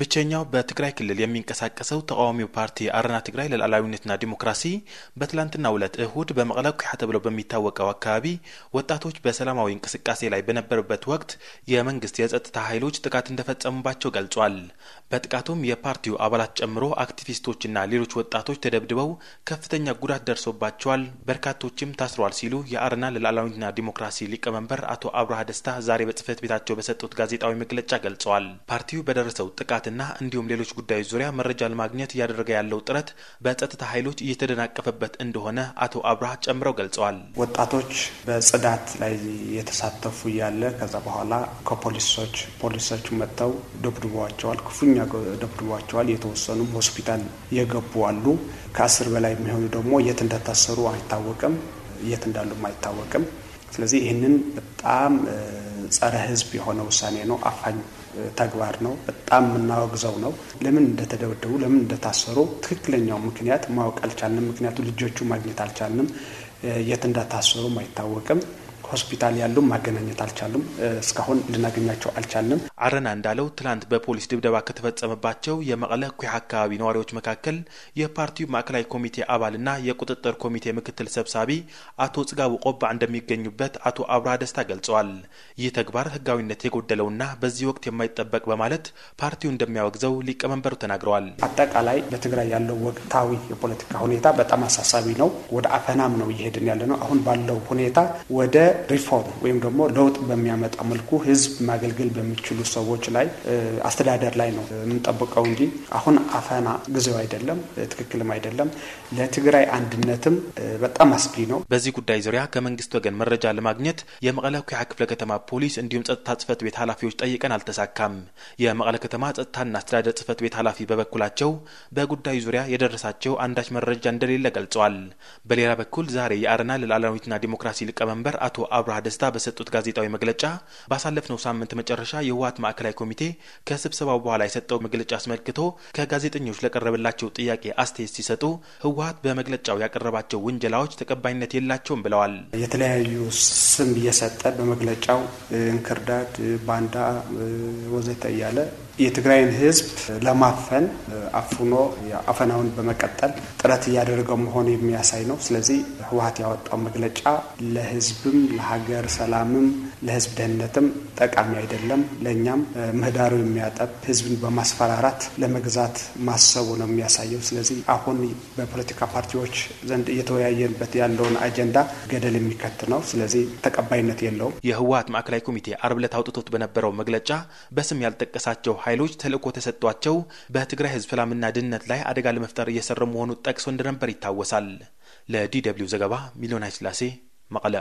ብቸኛው በትግራይ ክልል የሚንቀሳቀሰው ተቃዋሚው ፓርቲ አረና ትግራይ ለሉዓላዊነትና ዲሞክራሲ በትላንትና ዕለት እሁድ በመቀለ ኩሓ ተብሎ በሚታወቀው አካባቢ ወጣቶች በሰላማዊ እንቅስቃሴ ላይ በነበሩበት ወቅት የመንግስት የጸጥታ ኃይሎች ጥቃት እንደፈጸሙባቸው ገልጿል። በጥቃቱም የፓርቲው አባላት ጨምሮ አክቲቪስቶችና ሌሎች ወጣቶች ተደብድበው ከፍተኛ ጉዳት ደርሶባቸዋል፣ በርካቶችም ታስሯል ሲሉ የአረና ለሉዓላዊነትና ዲሞክራሲ ሊቀመንበር አቶ አብርሃ ደስታ ዛሬ በጽህፈት ቤታቸው በሰጡት ጋዜጣዊ መግለጫ ገልጸዋል። ፓርቲው በደረሰው ጥቃት ጥቃትና እንዲሁም ሌሎች ጉዳዮች ዙሪያ መረጃ ለማግኘት እያደረገ ያለው ጥረት በጸጥታ ኃይሎች እየተደናቀፈበት እንደሆነ አቶ አብርሃ ጨምረው ገልጸዋል። ወጣቶች በጽዳት ላይ የተሳተፉ እያለ ከዛ በኋላ ከፖሊሶች ፖሊሶች መጥተው ደብድቧቸዋል፣ ክፉኛ ደብድቧቸዋል። የተወሰኑም ሆስፒታል የገቡ አሉ። ከአስር በላይ የሚሆኑ ደግሞ የት እንደታሰሩ አይታወቅም፣ የት እንዳሉም አይታወቅም። ስለዚህ ይህንን በጣም ጸረ ህዝብ የሆነ ውሳኔ ነው። አፋኝ ተግባር ነው። በጣም የምናወግዘው ነው። ለምን እንደተደበደቡ ለምን እንደታሰሩ ትክክለኛው ምክንያት ማወቅ አልቻልንም። ምክንያቱ ልጆቹ ማግኘት አልቻልንም። የት እንዳታሰሩም አይታወቅም። ሆስፒታል ያሉም ማገናኘት አልቻሉም። እስካሁን ልናገኛቸው አልቻልንም። አረና እንዳለው ትላንት በፖሊስ ድብደባ ከተፈጸመባቸው የመቀለ ኩያ አካባቢ ነዋሪዎች መካከል የፓርቲው ማዕከላዊ ኮሚቴ አባልና የቁጥጥር ኮሚቴ ምክትል ሰብሳቢ አቶ ጽጋቡ ቆባ እንደሚገኙበት አቶ አብርሃ ደስታ ገልጸዋል። ይህ ተግባር ህጋዊነት የጎደለውና በዚህ ወቅት የማይጠበቅ በማለት ፓርቲው እንደሚያወግዘው ሊቀመንበሩ ተናግረዋል። አጠቃላይ በትግራይ ያለው ወቅታዊ የፖለቲካ ሁኔታ በጣም አሳሳቢ ነው። ወደ አፈናም ነው እየሄድን ያለ ነው። አሁን ባለው ሁኔታ ወደ ሪፎርም ወይም ደግሞ ለውጥ በሚያመጣ መልኩ ህዝብ ማገልገል በሚችሉ ሰዎች ላይ አስተዳደር ላይ ነው የምንጠብቀው እንጂ አሁን አፈና ጊዜው አይደለም፣ ትክክልም አይደለም። ለትግራይ አንድነትም በጣም አስጊ ነው። በዚህ ጉዳይ ዙሪያ ከመንግስት ወገን መረጃ ለማግኘት የመቀለ ኩያ ክፍለ ከተማ ፖሊስ እንዲሁም ጸጥታ ጽህፈት ቤት ኃላፊዎች ጠይቀን አልተሳካም። የመቀለ ከተማ ጸጥታና አስተዳደር ጽህፈት ቤት ኃላፊ በበኩላቸው በጉዳዩ ዙሪያ የደረሳቸው አንዳች መረጃ እንደሌለ ገልጸዋል። በሌላ በኩል ዛሬ የአረና ሉዓላዊነትና ዲሞክራሲ ሊቀመንበር አቶ አብርሃ ደስታ በሰጡት ጋዜጣዊ መግለጫ ባሳለፍነው ሳምንት መጨረሻ የህወሀት ማዕከላዊ ኮሚቴ ከስብሰባው በኋላ የሰጠው መግለጫ አስመልክቶ ከጋዜጠኞች ለቀረበላቸው ጥያቄ አስተያየት ሲሰጡ ህወሀት በመግለጫው ያቀረባቸው ውንጀላዎች ተቀባይነት የላቸውም ብለዋል። የተለያዩ ስም እየሰጠ በመግለጫው እንክርዳድ፣ ባንዳ ወዘተ እያለ የትግራይን ህዝብ ለማፈን አፍኖ አፈናውን በመቀጠል ጥረት እያደረገው መሆኑ የሚያሳይ ነው። ስለዚህ ህወሀት ያወጣው መግለጫ ለህዝብም ለሀገር ሰላምም ለህዝብ ደህንነትም ጠቃሚ አይደለም። ለእኛም ምህዳሩ የሚያጠብ ህዝብን በማስፈራራት ለመግዛት ማሰቡ ነው የሚያሳየው። ስለዚህ አሁን በፖለቲካ ፓርቲዎች ዘንድ እየተወያየንበት ያለውን አጀንዳ ገደል የሚከት ነው። ስለዚህ ተቀባይነት የለውም። የህወሀት ማዕከላዊ ኮሚቴ አርብ ዕለት አውጥቶት በነበረው መግለጫ በስም ያልጠቀሳቸው ኃይሎች ተልእኮ ተሰጧቸው በትግራይ ህዝብ ሰላምና ድህንነት ላይ አደጋ ለመፍጠር እየሰሩ መሆኑ ጠቅሶ እንደነበር ይታወሳል። ለዲ ደብልዩ ዘገባ ሚሊዮን ኃይለሥላሴ መቀለ